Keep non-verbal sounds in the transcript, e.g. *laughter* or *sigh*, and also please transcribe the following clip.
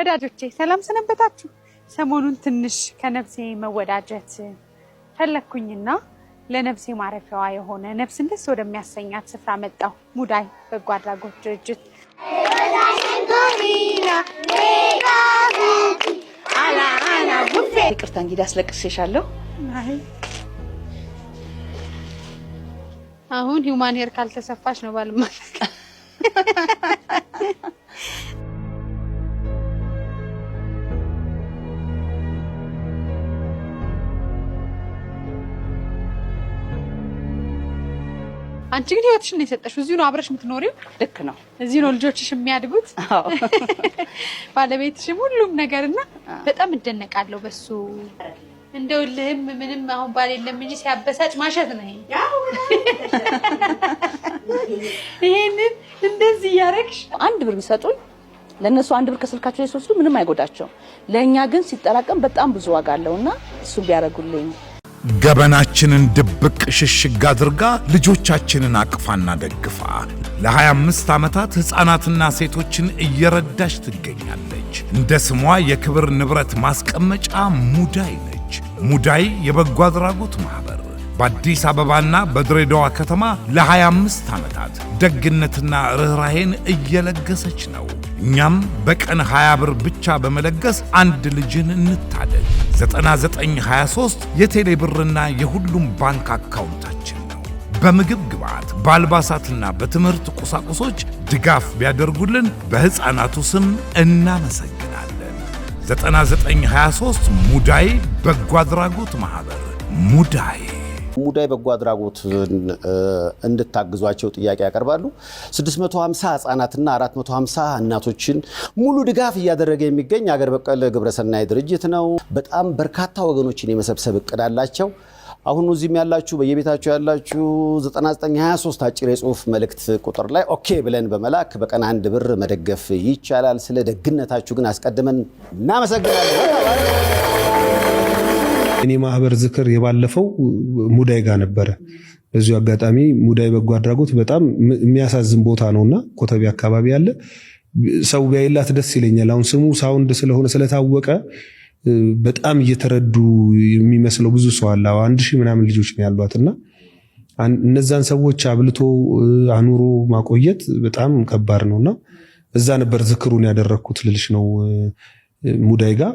ወዳጆቼ ሰላም ሰነበታችሁ። ሰሞኑን ትንሽ ከነፍሴ መወዳጀት ፈለግኩኝና ለነፍሴ ማረፊያዋ የሆነ ነፍስን ደስ ወደሚያሰኛት ስፍራ መጣሁ። ሙዳይ በጎ አድራጎት ድርጅት ይቅርታ እንግዲህ አስለቅሼሻለሁ። አሁን ሂውማን ሄር ካልተሰፋሽ ነው ባልማ አንቺ ግን ህይወትሽን ነው የሰጠሽ። እዚሁ ነው አብረሽ የምትኖሪው። ልክ ነው። እዚሁ ነው ልጆችሽ የሚያድጉት፣ *laughs* ባለቤትሽም፣ ሁሉም ነገር እና በጣም እደነቃለሁ በሱ። እንደው ልህም ምንም አሁን ባል የለም እንጂ ሲያበሳጭ ማሸት ነው። *laughs* ይሄንን እንደዚህ እያደረግሽ አንድ ብር ቢሰጡኝ ለእነሱ አንድ ብር ከስልካቸው የሶስቱ ምንም አይጎዳቸው፣ ለእኛ ግን ሲጠራቀም በጣም ብዙ ዋጋ አለው እና እሱን ቢያደርጉልኝ ገበናችንን ድብቅ ሽሽግ አድርጋ ልጆቻችንን አቅፋና ደግፋ ለ25 ዓመታት ሕፃናትና ሴቶችን እየረዳች ትገኛለች። እንደ ስሟ የክብር ንብረት ማስቀመጫ ሙዳይ ነች። ሙዳይ የበጎ አድራጎት ማኅበር በአዲስ አበባና በድሬዳዋ ከተማ ለ25 ዓመታት ደግነትና ርኅራሄን እየለገሰች ነው። እኛም በቀን 20 ብር ብቻ በመለገስ አንድ ልጅን እንታደግ። 9923 የቴሌ ብርና የሁሉም ባንክ አካውንታችን ነው። በምግብ ግብዓት በአልባሳትና በትምህርት ቁሳቁሶች ድጋፍ ቢያደርጉልን በሕፃናቱ ስም እናመሰግናለን። 9923 ሙዳይ በጎ አድራጎት ማኅበር ሙዳይ ሙዳይ በጎ አድራጎት እንድታግዟቸው ጥያቄ ያቀርባሉ። 650 ህጻናትና 450 እናቶችን ሙሉ ድጋፍ እያደረገ የሚገኝ አገር በቀል ግብረሰናይ ድርጅት ነው። በጣም በርካታ ወገኖችን የመሰብሰብ እቅድ አላቸው። አሁን እዚህም ያላችሁ በየቤታችሁ ያላችሁ 9923 አጭር የጽሁፍ መልእክት ቁጥር ላይ ኦኬ ብለን በመላክ በቀን አንድ ብር መደገፍ ይቻላል። ስለ ደግነታችሁ ግን አስቀድመን እናመሰግናለን። እኔ ማህበር ዝክር የባለፈው ሙዳይ ጋር ነበረ። በዚሁ አጋጣሚ ሙዳይ በጎ አድራጎት በጣም የሚያሳዝን ቦታ ነውና ኮተቤ አካባቢ ያለ ሰው ቢያይላት ደስ ይለኛል። አሁን ስሙ ሳውንድ ስለሆነ ስለታወቀ በጣም እየተረዱ የሚመስለው ብዙ ሰው አለ። አንድ ሺህ ምናምን ልጆች ነው ያሏት እና እነዛን ሰዎች አብልቶ አኑሮ ማቆየት በጣም ከባድ ነውና እዛ ነበር ዝክሩን ያደረግኩት ልልሽ ነው ሙዳይ ጋር